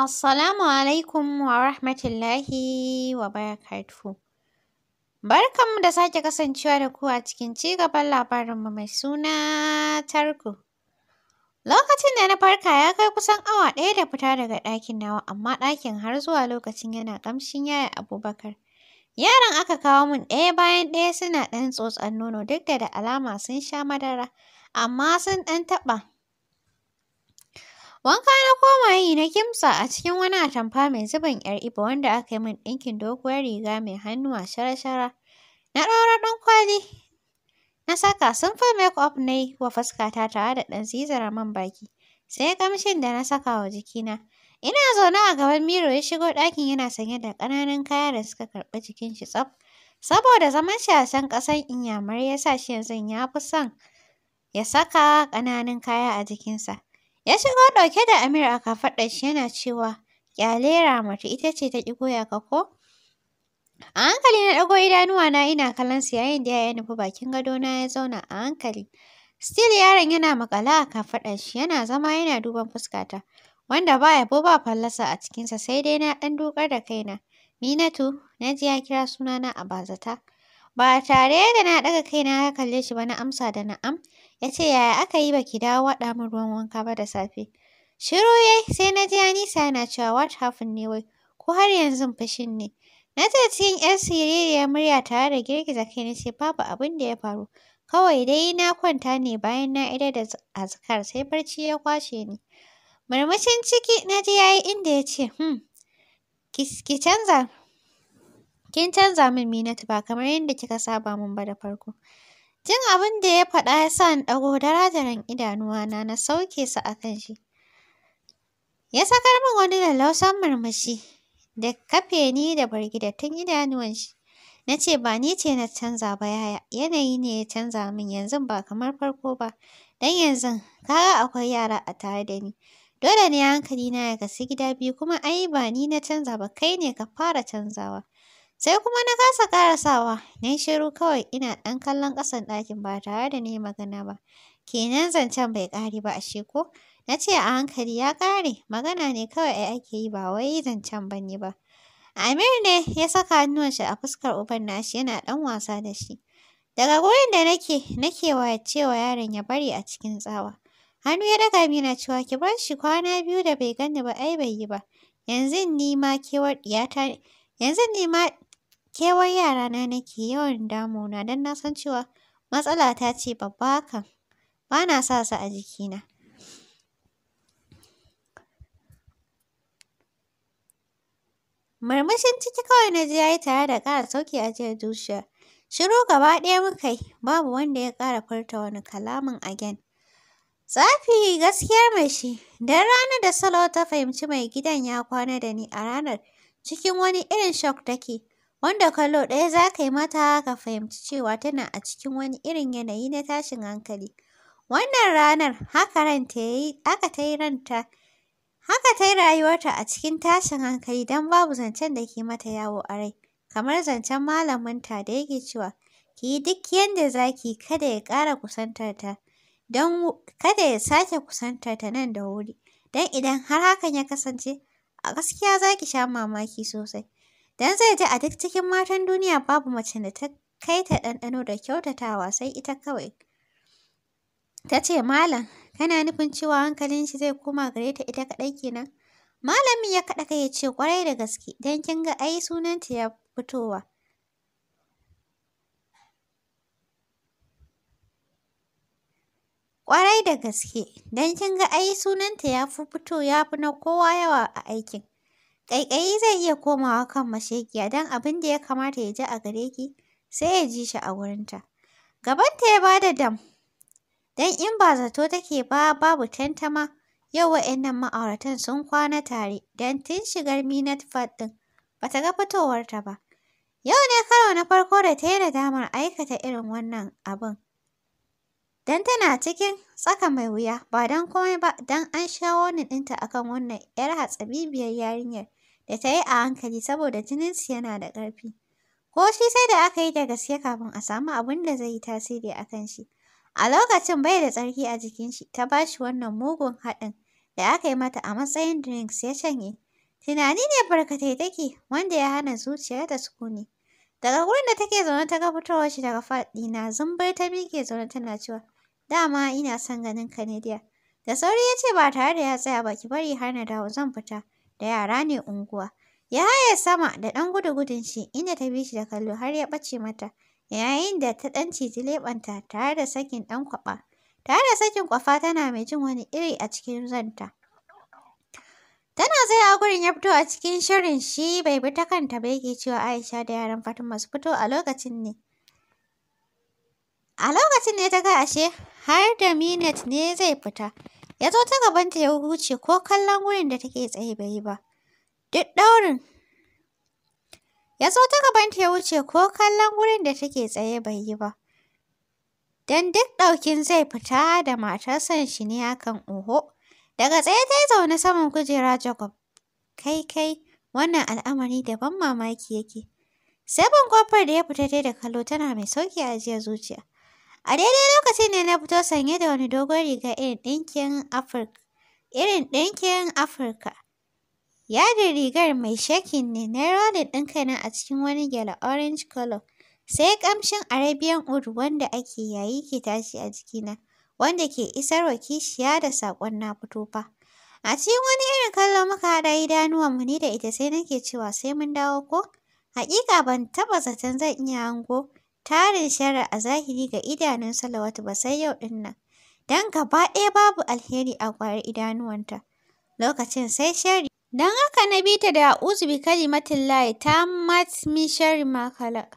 Assalamu alaikum wa rahmatullahi wa barakatuhu. Barkanmu da sake kasancewa da ku a cikin ci gaban labarinmu mai suna tarko. Lokacin da na farka ya kai kusan awa ɗaya da fita daga ɗakin nawa amma ɗakin har zuwa lokacin yana ƙamshin yaya Abubakar. Yaran aka kawo min ɗaya bayan ɗaya suna ɗan tsotsar nono duk da da alama sun sha madara amma sun ɗan taɓa Wanka na koma yi na Kimsa a cikin wani atamfa mai zubin 'yar iba wanda aka yi min ɗinkin doguwar riga mai hannuwa shara-shara. Na ɗaura kwali na saka simple make-up na yi wa fuskata tare da ɗan zizara man baki. Sai ƙamshin da na saka wa jikina. Ina zaune a gaban miro ya shigo ɗakin yana sanye da ƙananan kaya da suka karɓi jikin shi tsaf. Saboda zaman shi a can ƙasan Inyamurai ya sa shi yanzu ya fi son ya saka ƙananan kaya a jikinsa. Ya shigo ɗauke da Amir a kafaɗar shi yana cewa, ƙyale Ramatu ita ce ta ƙi goya ka ko? A hankali na ɗago idanuwa na ina kallon sa yayin da ya nufi bakin gadona ya zauna a hankali. Still yaron yana maƙala a kafaɗar shi yana zama yana duban fuska ta Wanda ba yabo ba fallasa a cikinsa sai dai na ɗan dukar da kaina. Minatu, na ji ya kira sunana a bazata. Ba tare da na ɗaga kaina ya kalle shi ba na amsa da na'am. Ya ce yaya aka yi baki dawo waɗa min ruwan wanka ba da safe. Shiru yi sai na ji Anisa yana cewa what happened ne wai ko har yanzu fashin ne. Na ce cikin ‘yar siririyar murya tare da girgiza kai na ce babu abin da ya faru. Kawai dai na kwanta ne bayan na idar da azkar sai barci ya kwashe ni. Murmushin ciki na ji ya yi inda ya ce, hmm, ki canza, kin canza min Minatu ba kamar yadda kika saba min ba da farko. Jin abin da ya faɗa ya sa ni ɗago darajaran idanuwana na sauke su a kan shi. Ya sakar min wani lallausan murmushi da kafe ni da tun idanuwan shi. Na ce ba ni ce na canza ba yaya, yanayi ne ya canza min yanzu ba kamar farko ba. Dan yanzu kaga akwai yara a tare da ni. Dole ne hankali na ya gasi gida biyu kuma ai ba ni na canza ba kai ne ka fara canzawa. Sai kuma na kasa ƙarasawa, na yi shiru kawai ina ɗan kallon ƙasan ɗakin ba tare da na yi magana ba. Kenan zancen bai ƙare ba a ko? Na ce a hankali ya ƙare, magana ne kawai ai ake yi ba wai zancen ba ne ba. Amir ne ya saka shi a fuskar uban nashi yana ɗan wasa da shi. Daga gurin da nake, nake cewa yaron ya bari a cikin tsawa. Hannu ya daga min na cewa ki bar shi kwana biyu da bai gani ba ai bai yi ba. Yanzu ni ma kewar ɗiyata yanzu ni ma Kewar yarana nake yawan damuna don na san cewa ta ce babba hakan, ba na sa su a jikina. Murmushin ciki kawai na ji ya yi tare da ƙara sauke jiyar zuciya. Shiru gaba ɗaya muka yi, babu wanda ya ƙara furta wani kalamin again. Tsafi gaskiyar mai shi, don ranar da salo ta fahimci mai gidan ya kwana da ni a ranar, cikin wani irin shock take. wanda kallo ɗaya za ka yi mata ka fahimci cewa tana a cikin wani irin yanayi na tashin hankali. Wannan ranar haka ranta yi, haka ta yi ranta haka ta yi rayuwarta a cikin tashin hankali don babu zancen da ke mata yawo a rai kamar zancen malaminta da yake cewa ki yi duk yadda za ki kada ya ƙara kusantar ta don kada ya sake kusantar ta nan da wuri don idan har hakan ya kasance a gaskiya za ki sha mamaki sosai. Don zai ji a duk cikin matan duniya babu mace da ta kai ta ɗanɗano da kyautatawa sai ita kawai. Ta ce, Malam, kana nufin cewa hankalin shi zai koma gare ta ita kaɗai kenan? Malamin ya kaɗa kai ya ce ƙwarai da gaske, don kin ga ai sunanta ya fitowa. Ƙwarai da gaske, don kin ga ai sunanta ya fi fito ya fi na kowa yawa a aikin. ƙaiƙayi zai iya komawa kan mashekiya don abin da ya kamata ya ji a gare ki sai ya ji shi a wurinta. Gabanta ya ba da dam, don in ba zato take ba babu tantama yau wa'innan ma'auratan sun kwana tare don tun shigar Minat Fat ɗin ba ta ga fitowarta ba. Yau ne karo na farko da ta yi da damar aikata irin wannan abin. Don tana cikin tsaka mai wuya, ba don komai ba, don an shawo warning ɗinta akan wannan 'yar hatsabibiyar yarinyar da ta yi a hankali saboda jininsu yana da ƙarfi. Ko shi sai da aka yi da gaske kafin a samu abin da zai yi tasiri a kan shi. A lokacin bai da tsarki a jikin shi, ta ba shi wannan mugun haɗin da aka yi mata a matsayin drinks ya shanye. Tunani ne barkatai take wanda ya hana zuciya ta sukuni. Daga wurin da take zaune ta ga fitowar shi daga faɗi na zumbar ta miƙe zaune tana cewa dama ina son ganin ka ne Da sauri ya ce ba tare da ya tsaya ba ki bari har na dawo zan fita. da yara ne unguwa. Ya haye sama da ɗan gudu-gudun shi inda ta bi shi da kallo har ya ɓace mata, yayin da ta ɗan ciji leɓanta tare da sakin ɗan kwaɓa. Tare da sakin kwafa tana mai jin wani iri a cikin zanta Tana zai a gurin ya fito a cikin shirin shi bai bi ta kanta ba yake cewa Aisha da yaran Fatima su fito a lokacin ne. A lokacin ne ta ga ashe har da minet ne zai fita. Ya zo ta gabanta ya huce ko kallon wurin da take tsaye bai ba. Duk daurin. Ya zo ta gabanta ya wuce ko kallon wurin da take tsaye bai yi ba. dan duk ɗaukin zai fita da matar san shi ne akan oho. Daga tsaye ta yi zaune saman kujera Jacob. Kai kai, wannan al'amari da ban mamaki yake. Sai ban kofar da ya fita dai da kallo tana mai sauki a jiya zuciya. A daidai lokacin ne na fito sanye da wani dogon riga irin ɗinkin Afirka. Irin ɗinkin Afirka. Yadin rigar mai shakin ne na rolin ɗin a cikin wani gyala orange color. Sai ƙamshin Arabian Wood wanda ake yayi ke tashi a jikina, wanda ke isar isarwa kishiya da saƙon na fito fa. A cikin wani irin kallo muka haɗa idanuwanmu ni da ita sai nake cewa sai mun dawo ko? Haƙiƙa ban taɓa zaton zan iya hango tarin shara a zahiri ga idanun Salawatu ba sai yau ɗin nan. Don gaba ɗaya babu alheri a ƙwayar idanuwanta. Lokacin sai shari. Don haka na bi ta da uzu bi kalimatin layi ta matmi shari makala.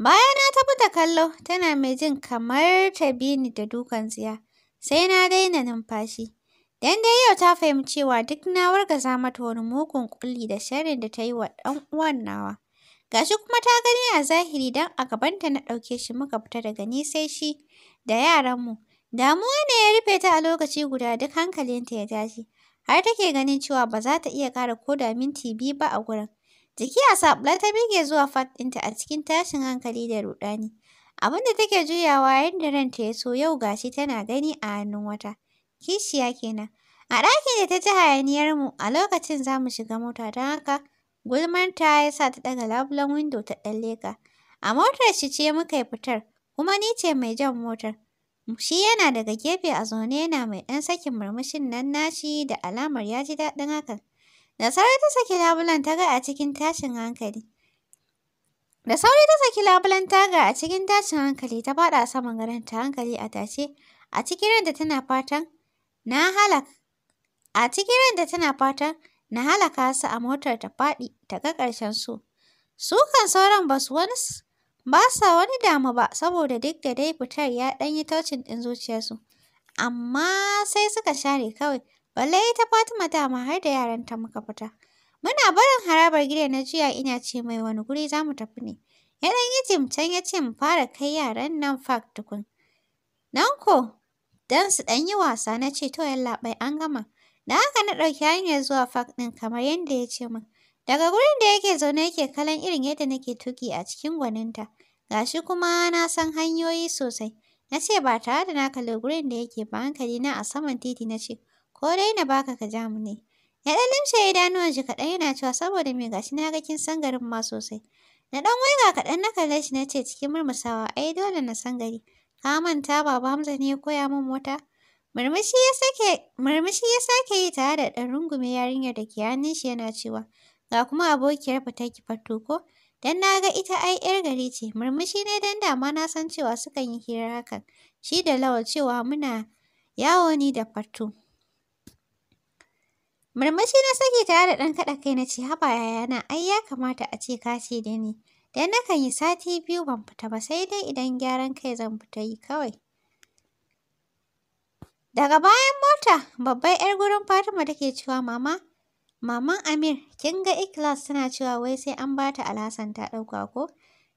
Baya na tafi ta kallo tana mai jin kamar ta bi ni da dukan ziya Sai na daina numfashi. Dan dai yau ta fahimci cewa duk na wargaza mata wani mugun kulli da sharin da ta yi wa ɗan uwan nawa. Gashi kuma ta gani a zahiri don a gabanta na ɗauke shi muka fita daga ni sai shi da yaranmu. Damuwa ne ya rufe ta a lokaci guda duk hankalinta ya tashi. Har take ganin cewa ba za ta iya ƙara ko da minti biyu ba a gurin. Jiki a saɓula ta bige zuwa fat ɗinta a cikin tashin hankali da ruɗani. Abin da take juyawa yadda ranta ya so yau gashi tana gani a hannun wata. Kishiya kenan. A ɗakin da ta ji hayaniyarmu a lokacin za mu shiga mota don haka Gulmanta ya sa ta ɗaga labulen windo ta ɗan leƙa. A motar shi ce muka yi fitar, kuma ni ce mai jan motar. Shi yana daga gefe a zaune yana mai ɗan sakin murmushin nan nashi da alamar ya ji daɗin hakan. Da sauri ta saki labulen ta ga a cikin tashin hankali. Da sauri ta saki labulen taga a cikin tashin hankali ta faɗa saman gadon ta hankali a tashe. A cikin da tana fatan na halak. A cikin da tana fatan na halaka su a motar ta faɗi ta ga ƙarshen su. Su kan sauran ba su wani ba sa wani damu ba saboda duk da dai fitar ya ɗan yi taucin ɗin zuciyarsu. Amma sai suka share kawai, balle ita Fatima dama har da yaranta muka fita. Muna barin harabar gida na jiya ina ce mai wani guri za mu tafi ne. Ya ɗan yi jimcan ya ce mu fara kai yaran nan fak tukun. Nan ko, don su ɗan yi wasa na ce to yallaɓai an gama. Da haka na ɗauki hanyar zuwa fak ɗin kamar yadda ya ce min. Daga gurin da yake zaune yake kalan irin yadda nake tuki a cikin gwaninta. Gashi kuma na san hanyoyi sosai. Na ce ba tare da na kalli gurin da yake ba hankali na a saman titi na ce, ko dai na baka ka ja mu ne. Ya ɗan limshe idanuwan shi kaɗan yana cewa saboda me gashi na ga kin san garin ma sosai. Na ɗan waiga kaɗan na kalle shi na ce cikin murmusawa ai dole na san gari. Ka manta baba Hamza ne ya koya min mota? Murmushi ya sake yi tare da ɗan rungume yarinyar da ke hannun shi yana cewa ga kuma abokiyar fita ki fatto ko dan na ga ita ai yar gari ce murmushi ne dan dama na san cewa sukan yi hira hakan shi da lawal cewa muna yawo ni da fatto. Murmushi na sake tare da ɗan kaɗa kai na ce haba yaya na ai ya kamata a ce ka ce da ni. Dan nakan yi sati biyu ban fita ba sai dai idan gyaran kai zan fita yi kawai. Daga bayan mota, babban 'yar gurin Fatima take cewa mama, maman Amir, kin ga Iklas tana cewa wai sai an ba ta alhassan ta ɗauka ko?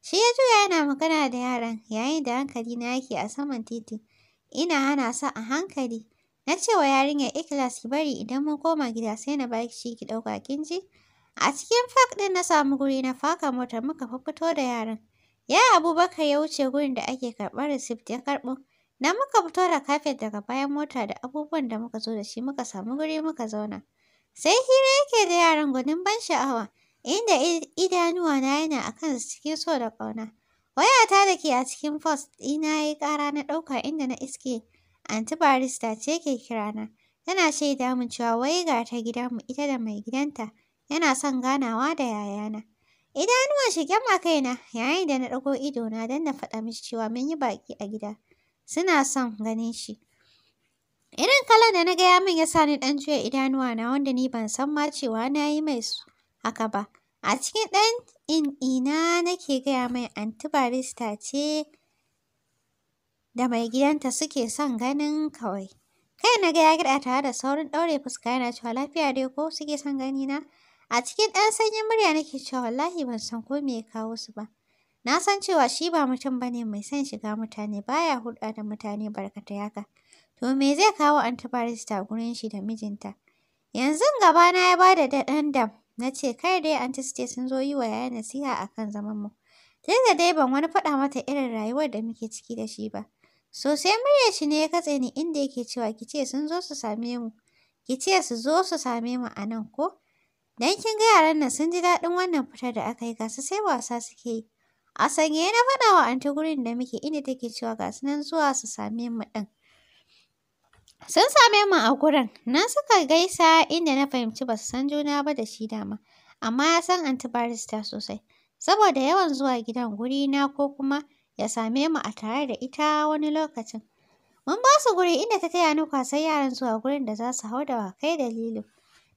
Shi ya juya yana magana da yaran yayin da hankali na yake a saman titi. Ina hana sa a hankali. Na ce wa yarinyar Iklas ki bari idan mun koma gida sai na baki shi ki ɗauka kin ji? A cikin fak ɗin na samu guri na faka mota muka fito da yaran. Ya Abubakar ya wuce gurin da ake karɓar receipt ya karɓo. Na muka fito da kafet daga bayan mota da abubuwan da muka zo da shi muka samu guri muka zauna. Sai hira yake da yaran gudun ban sha'awa, inda idanuwa na yana a kan cikin so da ƙauna. Wayata da ke a cikin fos ɗina ya yi ƙara na ɗauka inda na iske anti barista ce ke kirana. Tana shaida mun cewa wai ga ta gida mu ita da mai gidanta yana son ganawa da yayana. Idanuwan shigen ma kaina yayin da na ɗago idona don na faɗa mishi cewa mun yi baƙi a gida. suna son ganin shi. Irin kalan da na gaya min ya sa ni ɗan juya idanuwa na wanda ni ban san ma cewa na yi mai su haka ba. A cikin ɗan in ina nake gaya mai antibarista ce da mai gidanta suke son ganin kawai. Kai na ga ya gida tare da saurin ɗaure fuska yana cewa lafiya dai ko suke son gani na. A cikin ɗan sanyin murya nake cewa wallahi ban san ko me ya kawo su ba. Na san cewa shi ba mutum ba ne mai son shiga mutane baya hulɗa da mutane barkata yaka To me zai kawo anti barista gurin shi da mijinta? Yanzu gaba na ya bada ɗan dam. Na ce kai dai anti sun zo yi wa yaya nasiha a kan zamanmu. mu. da dai ban wani faɗa mata irin rayuwar da muke ciki da shi ba. So sai muryar shi ne ya katse ni inda yake cewa ki ce sun zo su same mu. Ki ce su zo su same mu a nan ko? Dan kin ga yaran nan sun ji daɗin wannan fita da aka yi ga sai wasa suke yi. A sanye na faɗa wa anti gurin da muke inda take cewa ga su nan zuwa su same mu ɗin. Sun same mu a gurin, na suka gaisa inda na fahimci ba su san juna ba da shi dama, amma ya san anti barista sosai. Saboda yawan zuwa gidan guri na ko kuma ya same mu a tare da ita wani lokacin. Mun ba su guri inda ta taya ni kwasan yaran zuwa gurin da za su hau da kai da lilo.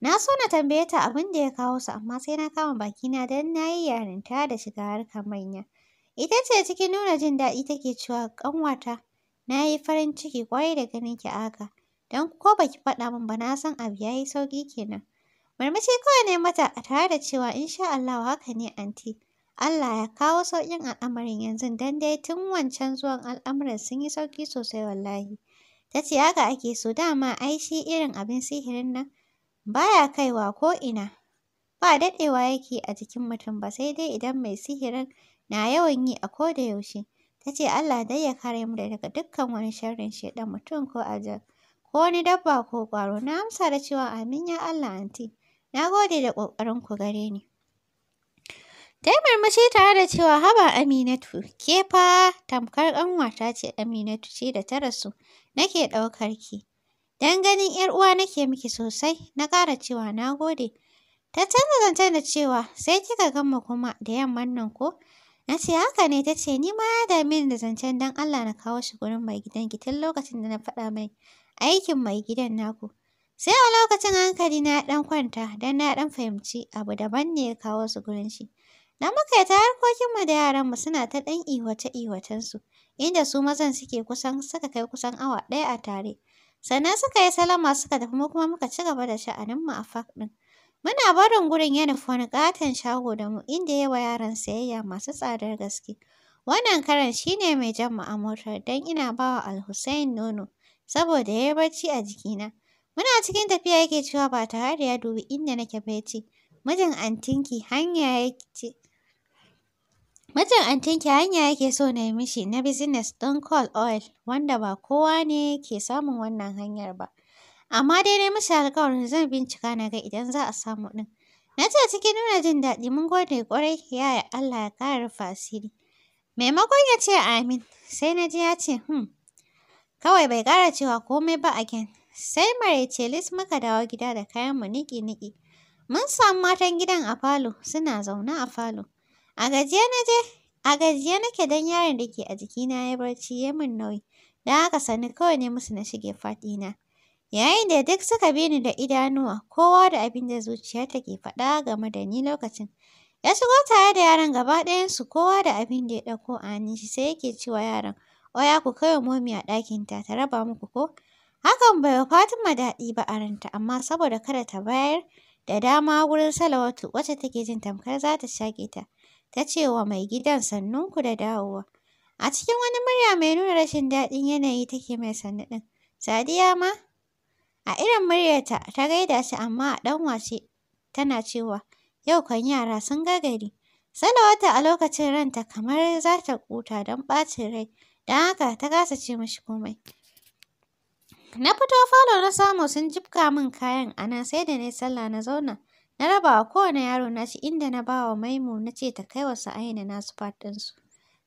Na so na tambaye ta abin da ya kawo su amma sai na kama bakina don na yi yarinta da shiga harkar manya. Ita ce cikin nuna jin daɗi take cewa ƙanwata na yi farin ciki ƙwarai da ganin ki haka. Don ko baki faɗa min ba na san abu ya yi sauƙi kenan. Murmushi kawai ne mata a tare da cewa insha Allah haka ne anti. Allah ya kawo sauƙin al'amarin yanzu don dai tun wancan zuwan al'amuran sun yi sauƙi sosai wallahi. Ta ce haka ake so dama ai shi irin abin sihirin nan baya kaiwa ko ina. Ba daɗewa yake a jikin mutum ba sai dai idan mai sihirin na yawan yi a ko da yaushe. Ta ce Allah dai ya kare mu daga dukkan wani sharrin shaidan mutum ko ajal ko wani dabba ko ƙwaro. Na amsa da cewa amin ya Allah anti. Na gode da kokarin ku gare ni. Ta yi murmushi tare da cewa haba Aminatu, ke fa tamkar ƙanwata ce Aminatu ce da ta rasu, nake ɗaukar ki. Dan ganin ‘yar uwa nake miki sosai, na kara cewa na gode. Ta canza zancen da cewa sai kika gama kuma da yamman nan ko, Na ce haka ne ta ce ni ma ya da zancen don Allah na kawo shi gurin mai ki tun lokacin da na faɗa mai aikin mai gidan naku. Sai a lokacin hankali na ɗan kwanta don na ɗan fahimci abu daban ne ya kawo su gurin shi. Na muka ta harkokinmu da yaranmu suna ta ɗan iwace su, inda su mazan suke kusan suka kai kusan awa ɗaya a tare. Sannan suka yi salama suka tafi mu kuma muka ci gaba da sha'aninmu a fak ɗin. Muna barin gurin ya wani ƙaton shago da mu inda yawa yaran sayayya masu tsadar gaske. Wannan karan shi ne mai jan ma'amurtar, don ina ba wa Alhussein nono saboda ya yi barci a jikina. Muna cikin tafiya yake cewa ba tare da ya dubi inda nake ba ya ce, mijin antinki hanya yake so na yi mishi na business don Call Oil wanda ba kowa ne ke samun wannan hanyar ba. Amma dai dai musu alƙawarin zan bincika na ga idan za a samu ɗin. Na ce cikin nuna jin daɗi mun gode ƙwarai yaya Allah ya ƙara rufa asiri. Maimakon ya ce amin sai na ji ya ce hmm. Kawai bai ƙara cewa komai ba a gen. Sai ce Lis muka dawo gida da kayan mu niƙi-niƙi. Mun samu matan gidan a falo suna zaune a falo. A gajiya na je, a nake don yaron da ke a jikina ya barci ya min nauyi. Don haka sani kawai ne musu na shige faɗi na. Yayin da duk suka bi ni da idanuwa, kowa da abin da zuciyarta ke faɗa game da ni lokacin. Ya shigo tare da yaran gaba ɗayansu kowa da abin da ya ɗauko a hannun shi sai yake cewa yaran, oya ku kai wa momi a ɗakinta ta raba muku ko? Hakan bai wa Fatima daɗi ba a ranta amma saboda kada ta bayar da dama wurin Salawatu wacce take jin tamkar za ta shaƙe ta. Ta ce wa mai gidan sannunku da dawowa. A cikin wani murya mai nuna rashin daɗin yanayi take mai sannu ɗin. Sadiya ma A irin muryarta ta gaida shi amma a ɗan washe tana cewa, yau kan yara sun gagari. wata a lokacin ranta kamar za ta ƙuta don ɓacin rai, don haka ta kasa ce mashi komai. Na fito falo na samu sun jibga min kayan a nan sai da na yi sallah na zauna. Na raba wa kowane yaro nashi inda na ba wa maimu na ce ta kai wa sa'aina nasu fat ɗinsu.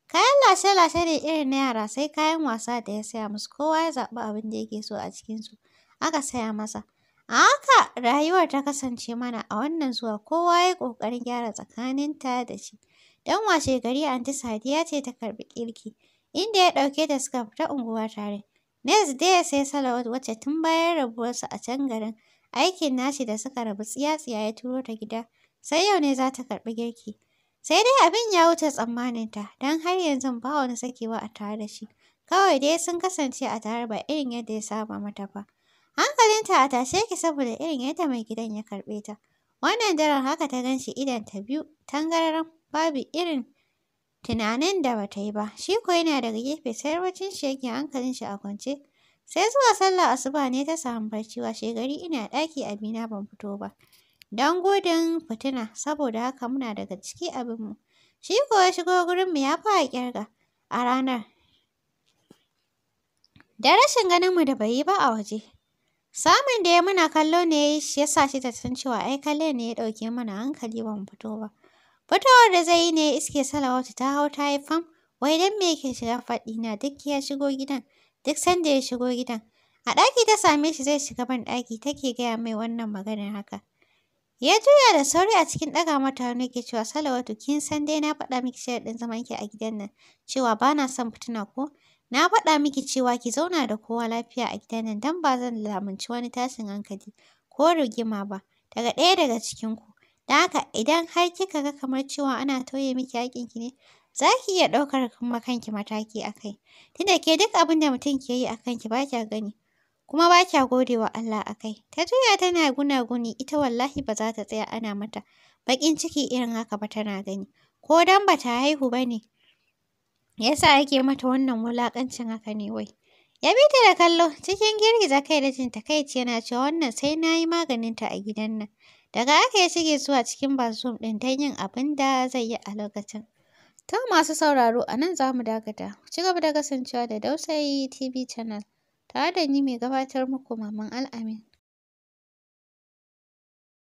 Kayan lashe-lashe ne irin na yara sai kayan wasa da ya saya musu kowa ya zaɓi abin da yake so a cikinsu. aka saya masa. A haka rayuwar ta kasance mana a wannan zuwa kowa ya yi ƙoƙarin gyara tsakaninta da shi. Don washe gari Anti Sadiya ce ta karɓi kirki, inda ya ɗauke da suka fita unguwa tare. Next day sai Salawat wacce tun bayan rabuwarsu a can garin, aikin nashi da suka rabu tsiya-tsiya ya turo ta gida, sai yau ne za ta karɓi girki. Sai dai abin ya wuce tsammaninta, don har yanzu ba wani sakewa a tare da shi. Kawai dai sun kasance a tare ba irin yadda ya saba mata ba. Hankalinta a tashe ki saboda irin yadda mai gidan ya karɓe ta. Wannan daren haka ta gan shi ta biyu tangararan babu irin tunanin da bata yi ba. Shi ko yana daga gefe sai yawancin shi yake hankalin shi a kwance. Sai zuwa sallah asuba ne ta samu barci gari ina ɗaki abina ban fito ba. Don gudun fitina saboda haka muna daga ciki abinmu. Shi ko ya shigo gurin mu ya fara kirga a ranar. Da rashin ganin mu da bai yi ba a waje. Samun da ya muna kallo ne ya sa shi san cewa ai kalle ne ya ɗauke mana hankali ban fito ba. Fitowar da zai yi ne iske Salawatu ta hau ta yi fam, wai dan me yake shiga faɗi na duk ya shigo gidan, duk sanda ya shigo gidan. A ɗaki ta same shi zai shiga ban ɗaki take gaya mai wannan maganar haka. Ya juya da sauri a cikin ɗaga mata wani ke cewa Salawatu kin san dai na faɗa miki sharaɗin zaman ki a gidan nan cewa ba na son fitina ko Na faɗa miki cewa ki zauna da kowa lafiya a gidan nan don ba zan lamunci wani tashin hankali ko rigima ba daga ɗaya daga cikinku. Don haka idan har kika ga kamar cewa ana tauye miki ki ne, za ki iya ɗaukar kuma kanki mataki a kai. Tunda ke duk abin da mutum ke yi a kanki ba kya gani, kuma ba kya gode wa Allah a kai. Ta juya tana gunaguni ita wallahi ba za ta tsaya ana mata baƙin ciki irin haka ba tana gani. Ko don ba ta haihu ba ne, ya sa ake mata wannan wulaƙancin haka ne wai? Ya bi ta da kallo, cikin girgiza kai da jin takaici yana cewa wannan sai na yi maganinta a gidan nan. Daga haka ya shige zuwa cikin bathroom ɗin don yin abin da zai yi a lokacin. To masu sauraro a nan za mu dakata. Ku ci gaba da kasancewa da Dausayi TV Channel. Tare da ni mai gabatar muku Maman Al'amin.